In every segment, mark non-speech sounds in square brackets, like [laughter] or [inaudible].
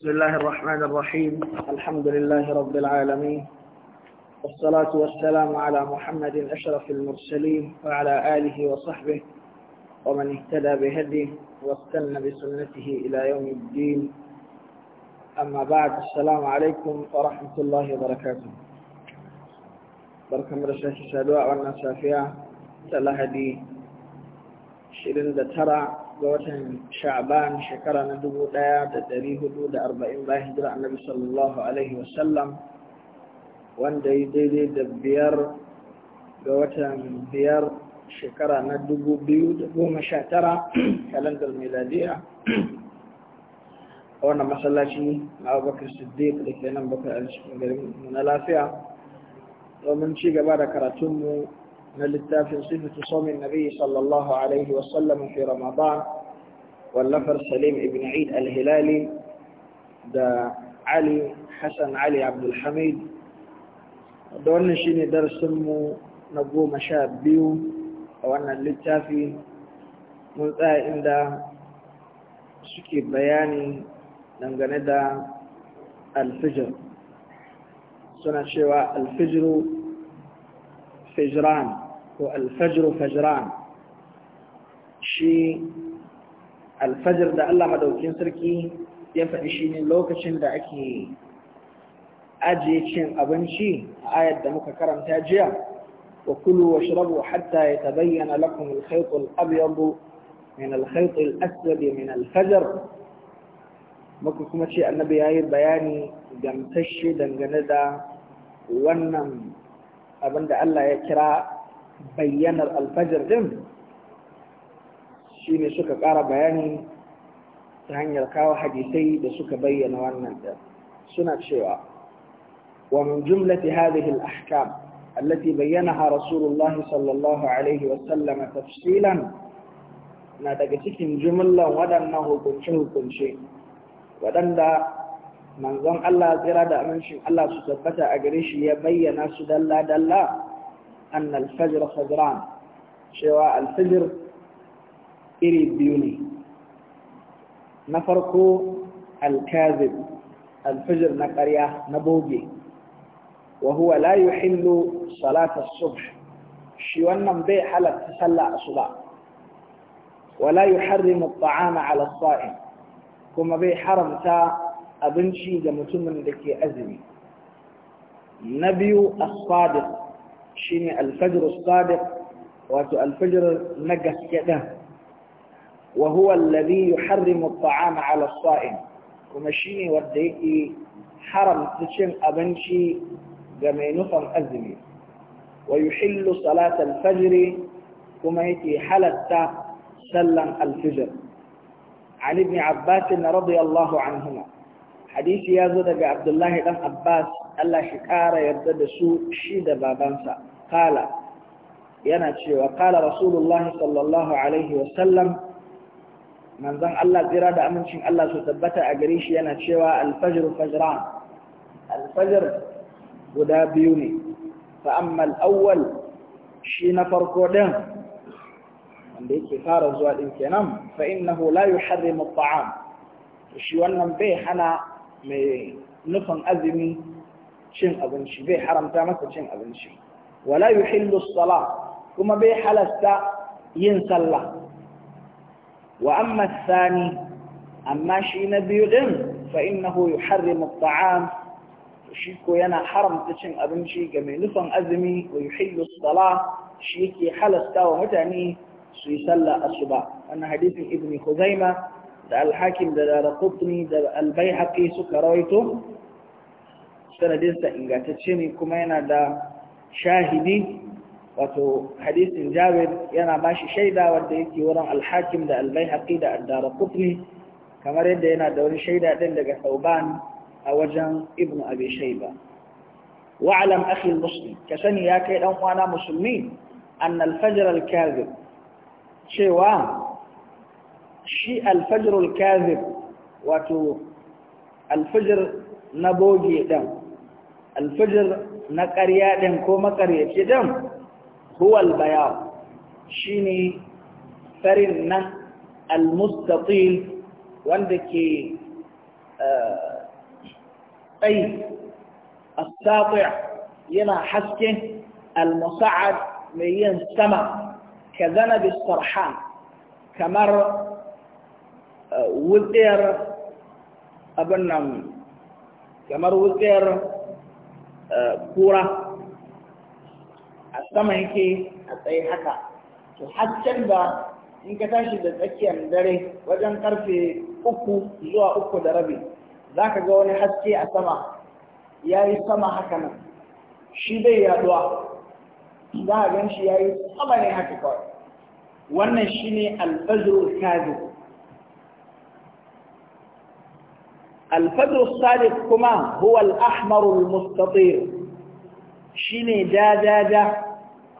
بسم الله الرحمن الرحيم الحمد لله رب العالمين والصلاة والسلام على محمد أشرف المرسلين وعلى آله وصحبه ومن اهتدى بهديه واستنى بسنته إلى يوم الدين أما بعد السلام عليكم ورحمة الله وبركاته بركم مرشاة الشهدواء والنسافية تلهدي شرند ترى ga watan sha'ban shekara na dubu ɗaya da ɗari hudu da arba'in bayan hijira annabi sallallahu alaihi wasallam wanda ya daidai da biyar ga watan biyar shekara na dubu biyu da goma sha tara kalandar miladiya a wannan masallaci na abubakar siddiq da ke nan bakwai a cikin garin na lafiya domin ci gaba da karatunmu من التافه في صفة صوم النبي صلى الله عليه وسلم في رمضان واللفر سليم بن عيد الهلالي دا علي حسن علي عبد الحميد دون شيني درس مو نبو مشاب بيو او ان الاتافي ملتا عند شكي بياني نمغندا الفجر سنة شواء الفجر fajran ko alfajru fajran shi alfajar da Allah madaukin sarki ya faɗi shi ne lokacin da ake ajiye cin abinci a ayar da muka karanta jiya wa kulu wa shirabu hatta ya tabayyana lakum alkhaytul abyadu min alkhaytul aswad min alfajar muka kuma ce annabi yayi bayani gamsashe dangane da wannan abinda Allah ya kira bayyanar alfajir din shine suka ƙara bayani ta hanyar kawo hadisai da suka bayyana wannan din suna cewa wa min jumlati hadhihi al-ahkam allati bayyanaha Rasulullah sallallahu alaihi wa sallam tafsilan na daga cikin jumlan waɗannan hukunce-hukunce waɗanda manzon Allah tsira da amincin Allah su tabbata a gare shi ya bayyana su dalla dalla an alfajr fajran cewa alfajr iri biyu ne na farko alkazib alfajr na ƙarya na boge wa huwa la yuhillu salata subh shi wannan bai halatta sallah asuba wala yuharrimu at-ta'ama 'ala as-sa'im kuma bai haramta abinci ga mutumin da ke azumi na biyu as-sadiq shine al-fajr as-sadiq wato al-fajr na gaske din wa huwa alladhi yuharrimu at-ta'ama 'ala as-sa'im kuma shine wanda yake haramta cin abinci ga mai nufan azumi wa yuhillu salat al-fajr kuma yake halatta sallan al-fajr عن ابن عباس رضي الله عنهما hadisi ya zo daga abdullahi dan abbas allah shi kara yarda da su shi da babansa kala yana cewa kala rasulullah sallallahu alaihi wasallam manzon allah jira da amincin allah su tabbata a gare shi yana cewa alfajr fajran alfajr guda biyu ne fa amma al-awwal shi na farko din wanda yake fara zuwa din kenan fa innahu la yuharrimu at-ta'am shi wannan bai hana نفن أذمي شن أبنشي بي حرم تامسة شن أبنشي ولا يحل الصلاة كما بي حلستا ينسى الله وأما الثاني أما شي نبي غم فإنه يحرم الطعام شيكو ينا حرم تشن أبنشي كما نفن أذمي ويحل الصلاة شيكي حلستا ومتعني سيسلى الصباح أن حديث ابن خزيمة الحاكم دا رقطني دا البيحقي سكرويته سنة دلسة إنجا تتشيني كمينة دا شاهدي وتو حديث جابر ينا ماشي شيدا وديتي ورم الحاكم دا البيحقي دا الدار قطني كما رد ينا دوري شيدا دلدك ثوبان أوجن ابن أبي شيبة وعلم أخي المسلم كسني يا كيد أموانا مسلمين أن الفجر الكاذب شيوان shi alfajirul kazib wato alfajir na boge ɗan alfajir na ƙarya ɗin ko makaryaci ɗin huwal bayan shi ne farin nan almustatil wanda ke tsayi astafi yana haske almusa'ad mai yin sama ka zana bisarhan kamar wutsiyar abin nan kamar wutsiyar eh, kura a sama yake a tsaye haka to haccen da in ka tashi da tsakiyar dare wajen karfe uku zuwa uku da rabi za ka ga wani haske a sama ya yi sama haka nan shi bai yaduwa za a gan shi ya yi sama ne haka kawai wannan shi ne alfajirul kazi الفجر الصادق كما هو الأحمر المستطير شيني جا جا جا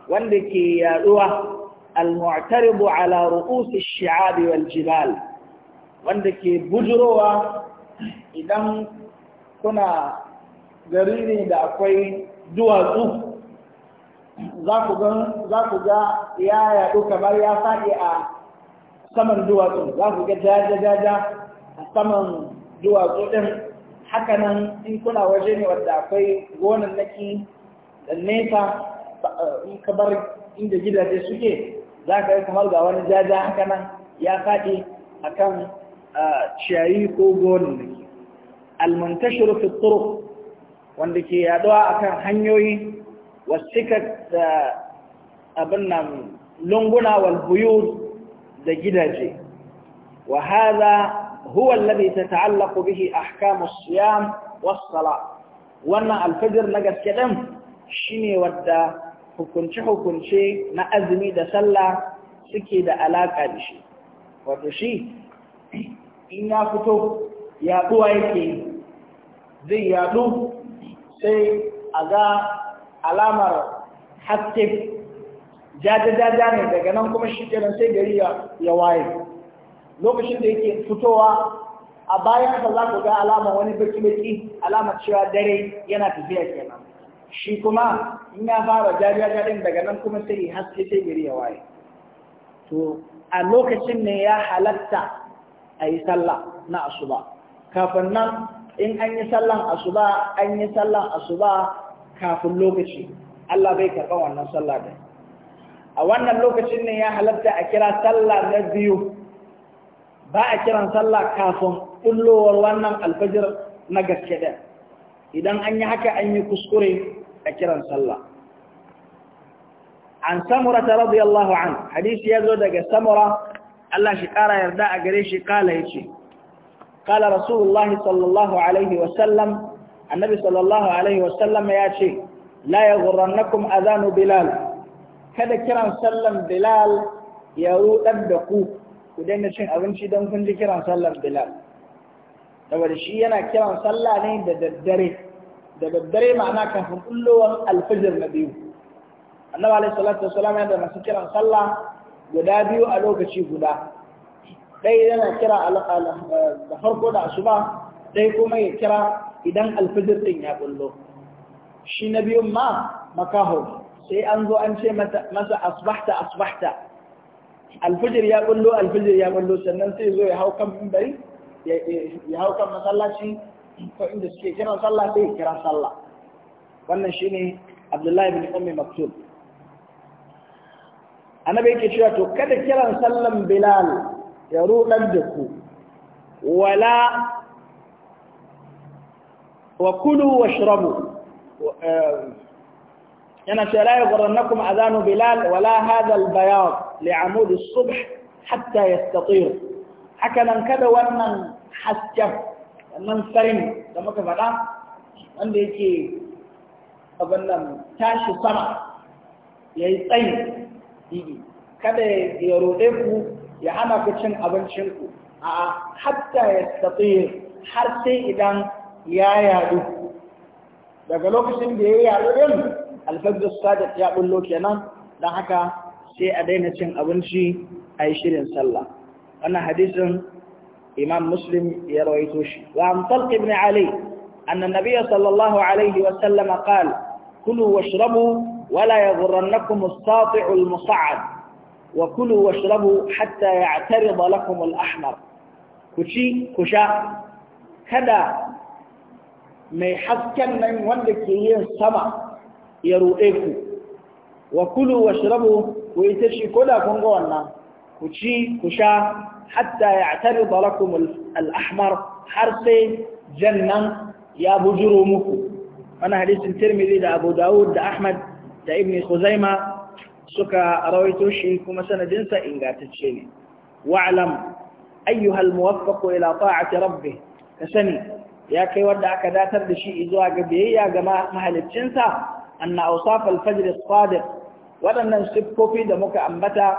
والذي يأوه المعترض على رؤوس الشعاب والجبال والذي بجروه إذا كنا قريني لأكوي دوازو za ku ga ya yaɗu kamar ya faɗi a saman duwatsu za ku ga jajajaja a saman duwatsu ɗin haka nan in kuna waje ne wadda akwai gonan naki da nesa in ka bar inda gidaje suke za ka yi kamar ga wani jaja hakanan ya faɗi a kan ciyayi ko gonan naki almantashiru fi wanda ke yaduwa akan hanyoyi wasika da abin nan lunguna wal da gidaje wa هو الذي تتعلق به أحكام الصيام والصلاة وأن الفجر نقد كلام شيني ودا hukunce hukunce na azumi da sallah suke da alaƙa da shi wato shi in ya fito yaɗuwa yake zai yaɗu sai alamar haske jajajaja ne daga nan kuma shi kenan sai gari ya waye lokacin da yake fitowa a bayan sa za ku ga alama wani baki baki alama cewa dare yana tafiya kenan shi kuma in ya fara jariya jarin daga nan kuma sai haske sai gari ya waye to a lokacin ne ya halatta a yi sallah na asuba kafin nan in an yi sallan asuba an yi sallan asuba kafin lokaci Allah bai karɓa wannan sallah da a wannan lokacin ne ya halatta a kira sallah na biyu ba a kiran sallah kafin kullowar wannan alfajir na gaske idan an yi haka an yi kuskure a kiran sallah an samura ta radiyallahu an hadisi ya zo daga samura Allah shi kara yarda a gare shi kala ya ce kala rasulullahi sallallahu alaihi wasallam annabi sallallahu alaihi wasallam ya ce la ya gurrannakum azanu bilal kada kiran sallan bilal ya ruɗar da ku ku daina cin abinci don kun ji kiran sallar bilal saboda shi yana kiran sallah ne da daddare da daddare ma'ana kafin kullowar alfajir na biyu annabi alaihi salatu wasalam yana da masu kiran sallah guda biyu a lokaci guda ɗaya yana kira da farko da asuba ɗaya kuma ya kira idan alfajir din ya kullo shi na biyun ma makaho sai an zo an ce masa asbahta asbahta alfijir ya bullo alfijir ya bullo sannan sai zo ya hau kan mimbari ya hau kan masallaci ko inda suke kiran sallah sai ya kira sallah wannan shine Abdullahi bin Ummi Maktum annabi yake cewa to kada kiran sallan Bilal ya rudar da ku wala wa kulu washrabu eh, yana cewa la yughrannakum adhanu bilal wala hadha albayad li amud as-subh hatta yastatir haka nan kada wannan hasken wannan farin da muka faɗa wanda yake abin nan tashi sama ya yi tsayi kada ya roɗe ku ya hana ku cin abincinku a hatta ya tsatsir har sai idan ya yadu daga lokacin da ya yadu din alfajir sadat ya bullo kenan don haka sai a daina cin abinci a yi shirin sallah wannan hadisin imam muslim ya rawaito shi wa an talq ibn ali anna nabiyya sallallahu alaihi wa sallam qala kulu washrabu wala yaghrannakum as-sati'u al-mus'ad wa kulu washrabu hatta ya'tarida lakum al-ahmar ku ci ku sha kada mai hasken nan wanda ke yin sama ya ruɗe ku wa kulu wa shirabu ku yi ta shi ko da kun wannan ku ci ku sha hatta ya tare da al'ahmar har sai jannan ya bujuro muku wani hadisin tirmidhi da abu dawud da ahmad da ibn khuzaima suka rawaito shi kuma sanadinsa ingantacce ne wa'lam ayyuha al ila ta'ati rabbih ka sani ya kai wanda aka datar da shi zuwa ga biyayya ga mahaliccinsa anna awsaf al-fajr as-sadiq waɗannan siffofi da muka ambata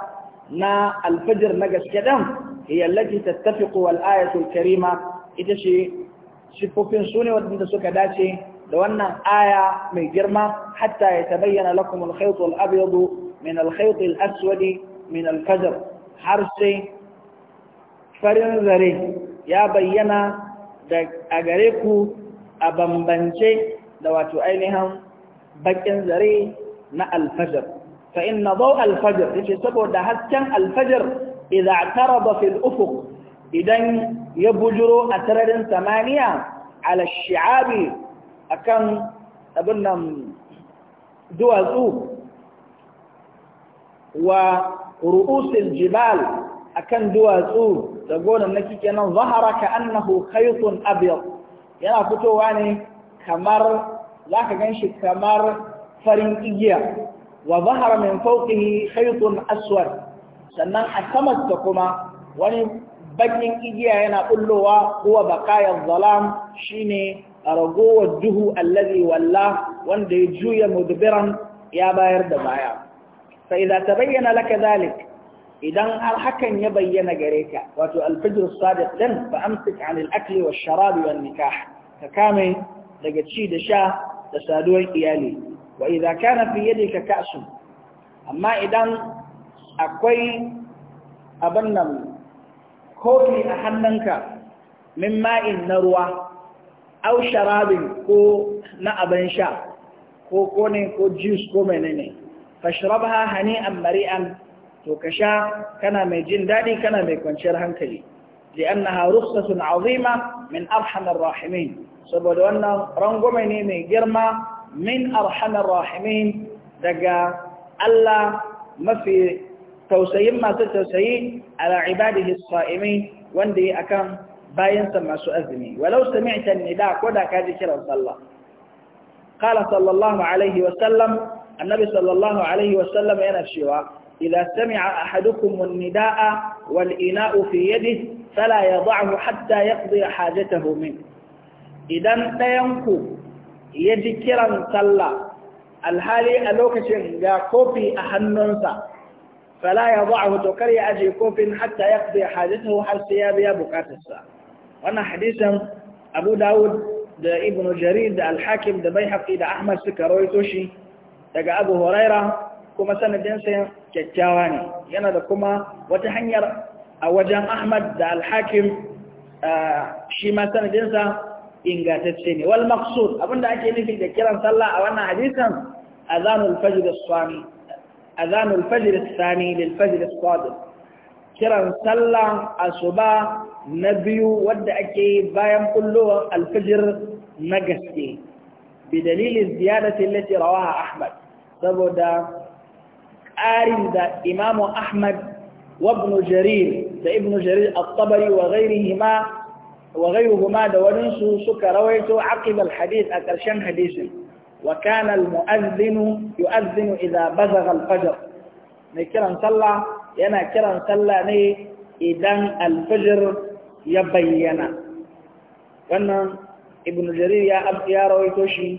na al-fajr na gaske dan hiya allati tattafiqu wal ayatu al-karima ita ce siffofin sune ne waɗanda suka dace da wannan aya mai girma hatta ya tabayyana lakum al-khayt al-abyad min al-khayt al-aswad min al-fajr har sai farin zare ya bayyana da a gare ku a bambance da wato ainihin bakin zare na alfajar fa inna daw alfajar yace saboda hasken alfajar idza taraba fil ufuq idan ya bujuro a tararin samaniya ala shi'abi akan abin nan duwatsu wa ru'usil jibal akan duwatsu da gonan naki kenan zahara ka annahu khaytun abyad yana fitowa ne kamar za ka gan shi kamar farin igiya wa zahara min fawqihi khaytun aswad sannan a samarsa kuma wani bakin igiya yana bullowa huwa baqaya zalam shine ragowar duhu allazi walla wanda ya juya mudbiran ya bayar da baya fa idza tabayyana laka zalik idan har hakan ya bayyana gare ka wato alfijir sadiq din fa amsik an al-akli wash-sharabi wan-nikah ka kame daga ci da sha da saduwar iyali wa idza kana fi ka kasu amma idan akwai abin nan kofi a hannunka min ma'in na ruwa au sharabin ko na abin sha ko ko ne ko juice ko menene fashrabha hani'an mari'an to ka sha kana mai jin daɗi kana mai kwanciyar hankali li'annaha rukhsatun azima min arhamar rahimin saboda wannan rangwame ne mai girma min arhamar rahimin daga Allah mafi tausayin masu tausayi ala ibadihi sa'imin wanda yi akan bayansa masu azumi walau sami'ta nida ko da ka ji kiran sallah qala sallallahu alaihi wa sallam annabi sallallahu alaihi wa sallam yana cewa إذا سمع أحدكم النداء والإناء في يده فلا يضعه حتى يقضي حاجته منه idan ɗayanku ya ji kiran sallah alhali a lokacin ga kofi a hannunsa fala ya ba'ahu to kar ya ajiye kofin hatta ya qdi hajatahu har sai ya biya bukatarsa wannan hadisin Abu Dawud da Ibn Jarir da alhakim da da Baihaqi da Ahmad suka rawaito shi daga Abu Huraira kuma sanadinsa kyakkyawa ne yana da kuma wata hanyar a wajen Ahmad da alhakim shima ah, shi ma sanadinsa ingatacce ne wal maqsud abinda ake nufi da kiran sallah a wannan hadisin azanul fajr as-sani azanul fajr as-sani lil fajr as-sadiq kiran sallah asuba na biyu wadda ake yi bayan kullowar alfajir na gaske bi dalilin ziyadati allati rawaha ahmad saboda ƙarin da imamu ahmad wa ibn jarir da ibn jarir at-tabari wa ghayrihima وغيرهما دولنسو سكرويتو عقب الحديث أكرشان حديث وكان المؤذن يؤذن إذا بزغ الفجر نكرا صلى ينا كرا صلى ني إذن الفجر يبين وأن ابن جرير يا أب يا رويتوشي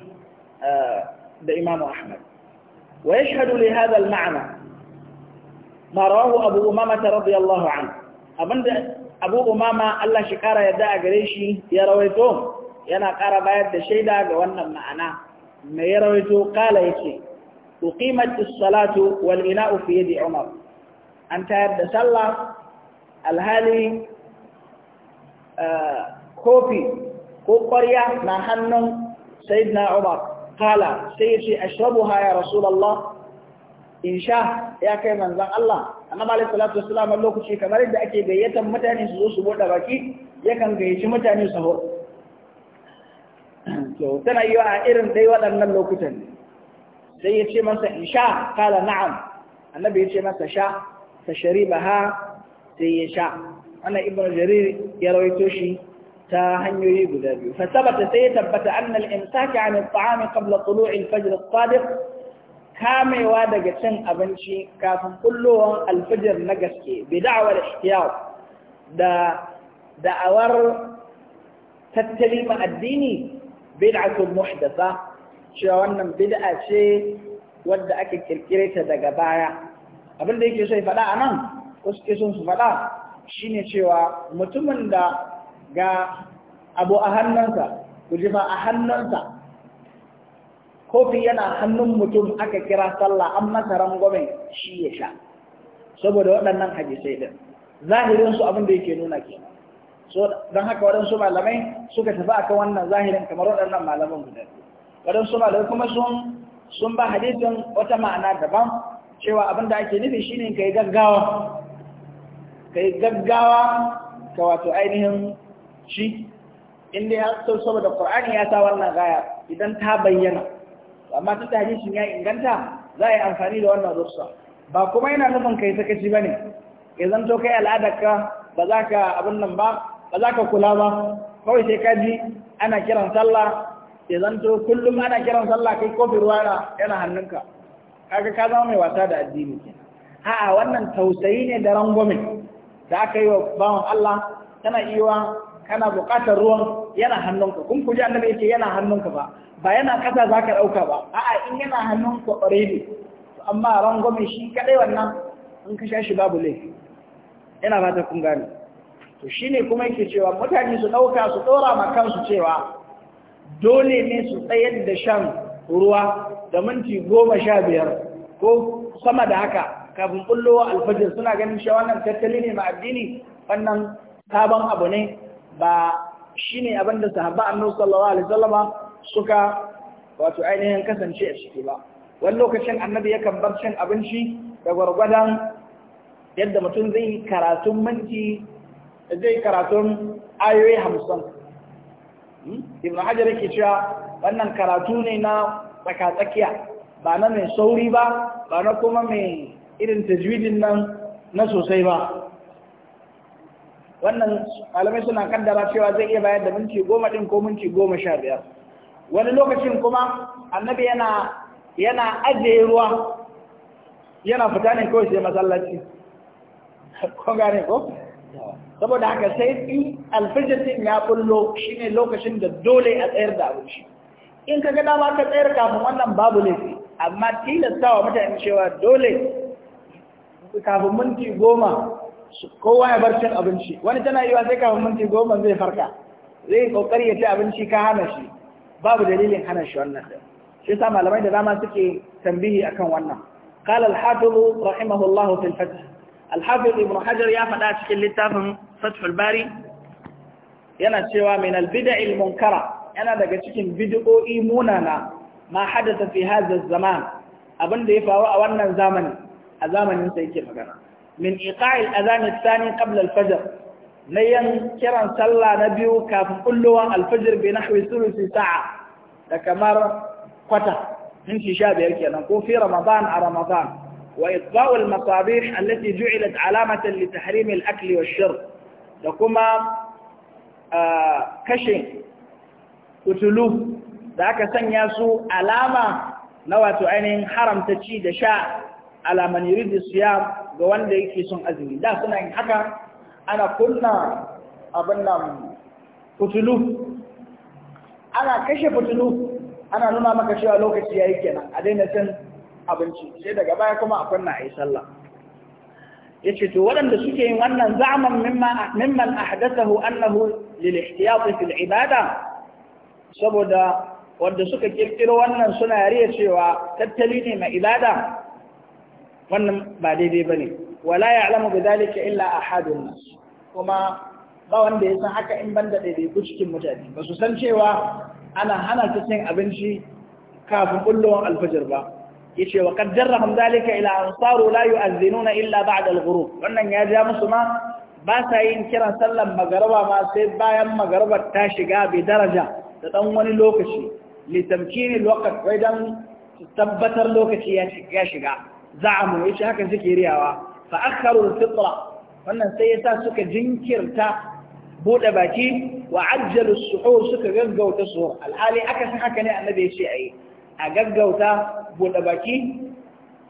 بإمام آه، أحمد ويشهد لهذا المعنى ما رواه أبو أمامة رضي الله عنه أبن abu umama Allah shi kara yadda a gare shi ya rawaito yana kara bayar da shaida ga wannan ma'ana mai ya rawaito kala yake uqimat as-salatu wal ina'u fi yadi umar an tayar da sallah alhali eh, kofi ko kwarya na hannun sayyidina umar kala sai ya ce ashrabuha ya rasulullah in sha ya kai manzon Allah annabi alaihi salatu wassalam a lokaci kamar yadda ake gayyatar mutane su zo su bude baki yakan gayyaci mutane su ho to tana yi a irin dai waɗannan lokutan sai ya ce masa in sha kala na'am annabi ya ce masa sha fa sharibaha sai ya sha wannan ibnu jarir ya rawaito shi ta hanyoyi guda biyu fa sabata sai ya tabbata anna al-imsaka 'an at-ta'ami qabla tulu'i fajr as-sadiq kamewa daga cin abinci kafin kullowar alfijir na gaske bida'awar ihtiyar da da'awar tattali ma'addini bid'atul muhdasa cewa wannan bid'a ce wadda ake kirkire ta daga baya abin da yake so ya faɗa a nan ko suke son su faɗa shine cewa mutumin da ga abu a hannunsa ku ji a hannunsa kofi yana hannun mutum aka kira sallah an masa rangwamen shi ya sha saboda waɗannan hadisai din zahirin su abin da yake nuna ke so don haka waɗansu malamai suka tafi akan wannan zahirin kamar waɗannan malaman guda waɗansu malamai kuma sun sun ba hadisin wata ma'ana daban cewa abin da ake nufi shine yi gaggawa yi gaggawa ka wato ainihin shi inda ya saboda Qur'ani ya sa wannan gaya idan ta bayyana amma ta da hadisin ya inganta za a yi amfani da wannan rufsa ba kuma yana nufin kai sakaci ba ne ya zanto kai al'adarka ba za ka abin nan ba ba za ka kula ba kawai sai ka ji ana kiran sallah ya zanto kullum ana kiran sallah kai kofi ruwa yana hannunka kaga ka zama mai wasa da addini a'a wannan tausayi ne da rangwamin da aka yi wa bawan Allah tana iya kana buƙatar ruwan yana hannunka kun kuji annabi yake yana hannunka ba ba yana kasa za ka ɗauka ba a'a in yana hannun kwaɓare ne amma rangwame shi kaɗai wannan in ka shi babu laifi yana fata kun to shi ne kuma yake cewa mutane su ɗauka su ɗora ma kansu cewa dole ne su tsayar da shan ruwa da minti goma sha biyar ko sama da haka kafin ɓullowa alfajir suna ganin shi wannan tattali ne ma addini wannan sabon abu ne ba shi ne abin da sahabba annabi sallallahu alaihi wasallama suka wato ainihin kasance a ciki ba wani lokacin annabi yakan bar cin abinci da gwargwadon yadda mutum zai karatun minti zai karatun ayoyi hamsin hmm? ibn hajar yake cewa wannan karatu ne na tsakatsakiya ba na mai sauri ba ba na kuma mai irin tajwidin nan na sosai ba wannan malamai suna kaddara cewa zai iya bayar da minti goma ɗin ko minti goma sha biyar wani lokacin kuma annabi yana yana ajiye ruwa yana fita ne kawai sai masallaci [laughs] ko gane ko saboda haka sai in alfijir din ya shi shine lokacin da dole a tsayar da abinci in ka ga dama ka tsayar kafin wannan babu laifi amma tilastawa mutane cewa dole kafin minti goma kowa ya bar cin abinci wani tana yiwa sai kafin minti goma zai farka zai kokari ya ci abinci ka hana shi babu dalilin hana shi wannan din shi yasa malamai da dama suke tambihi akan wannan qala al-hafiz rahimahullahu fil fath al-hafiz ibn hajar ya faɗa cikin littafin fathul bari yana cewa min al-bid'i al-munkara yana daga cikin bid'o'i munana ma hadatha fi hadha az-zaman abinda ya faru a wannan zamani a zamanin sai yake magana min iqa'i adhan ath-thani qabla al-fajr na yan kiran sallah na biyu kafin kullowan alfajir bi sulusi sa'a da kamar kwata minti sha biyar kenan ko fi ramadan a ramadan wa itba'ul al-masabih allati ju'ilat alamatan li tahrim al-akl wa shirb da kuma kashe kutulu da aka sanya su alama na wato ainihin haramta ci da sha alaman yuridu siyam ga wanda yake son azumi da suna yin haka ana kunna abin nan fitulu ana kashe fitulu ana nuna maka cewa lokaci ya yi kenan a daina cin abinci sai daga baya kuma a kunna a yi sallah ya ce to waɗanda suke yin wannan zaman mimman ahdathahu annahu lil ihtiyati fil ibada saboda wanda suka kirkiro wannan suna yare cewa tattali ne mai ibada wannan ba daidai bane wala ya'lamu dalika illa ahadun kuma ba wanda ya san haka in banda daidaiku cikin mutane ba su san cewa ana hana su cin abinci kafin bullowar alfajir ba ce wa qad jarrahum dalika ila an layu la illa ba a ghurub wannan ya ja musu ma ba sa yin kiran sallan magaraba ma sai bayan magarabar ta shiga bi daraja da ɗan wani lokaci li tamkini wajen dan tabbatar lokaci ya shiga za'amu yace haka suke riyawa fa akharu fitra wannan sai yasa suka jinkirta buɗe baki wa ajjalu suhu suka gaggauta suhur alhali aka san haka ne annabi ya ce ayi a gaggauta buɗe baki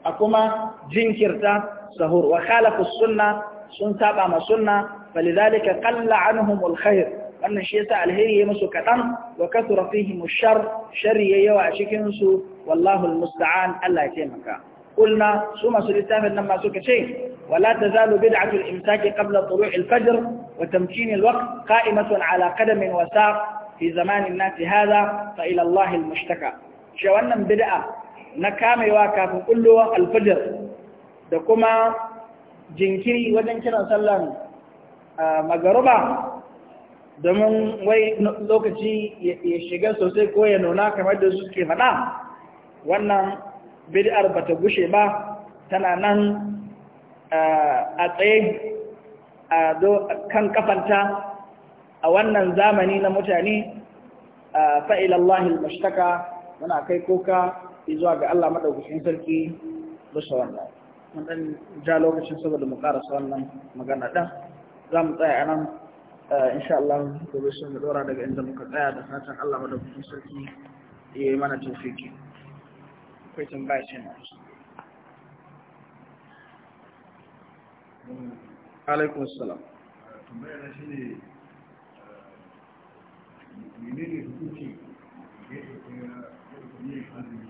a kuma jinkirta sahur wa khalafu sunna sun saba ma sunna falidhalika qalla anhum alkhair wannan shi yasa alheri ya musu kaɗan wa kasura fihim shar shari ya yawa a cikin su wallahu almusta'an Allah ya taimaka kulna su masu littafin nan ma suka ce ولا تزال بدعة الإمساك قبل طلوع الفجر وتمكين الوقت قائمة على قدم وساق في زمان الناس هذا فإلى الله المشتكى شوانا بدعة نكامي واكاف كله الفجر دكما jinkiri wajen kiran sallan magaruba domin wai lokaci ya shiga sosai ko ya nuna kamar da suke faɗa wannan bid'ar ba ta gushe ba tana nan a tsaye a kan kafanta a wannan zamani na mutane fa'ilallahi mashtaka muna kai koka zuwa ga Allah maɗaukacin sarki bisa wannan mun ɗan ja lokacin saboda mu ƙarasa wannan magana ɗan za mu tsaya a nan insha Allah gobe sun ɗora daga inda muka tsaya da fatan Allah maɗaukacin sarki ya yi mana tofiki kwaitin bayan shi alaikun salam tambayar shi ne eh, menene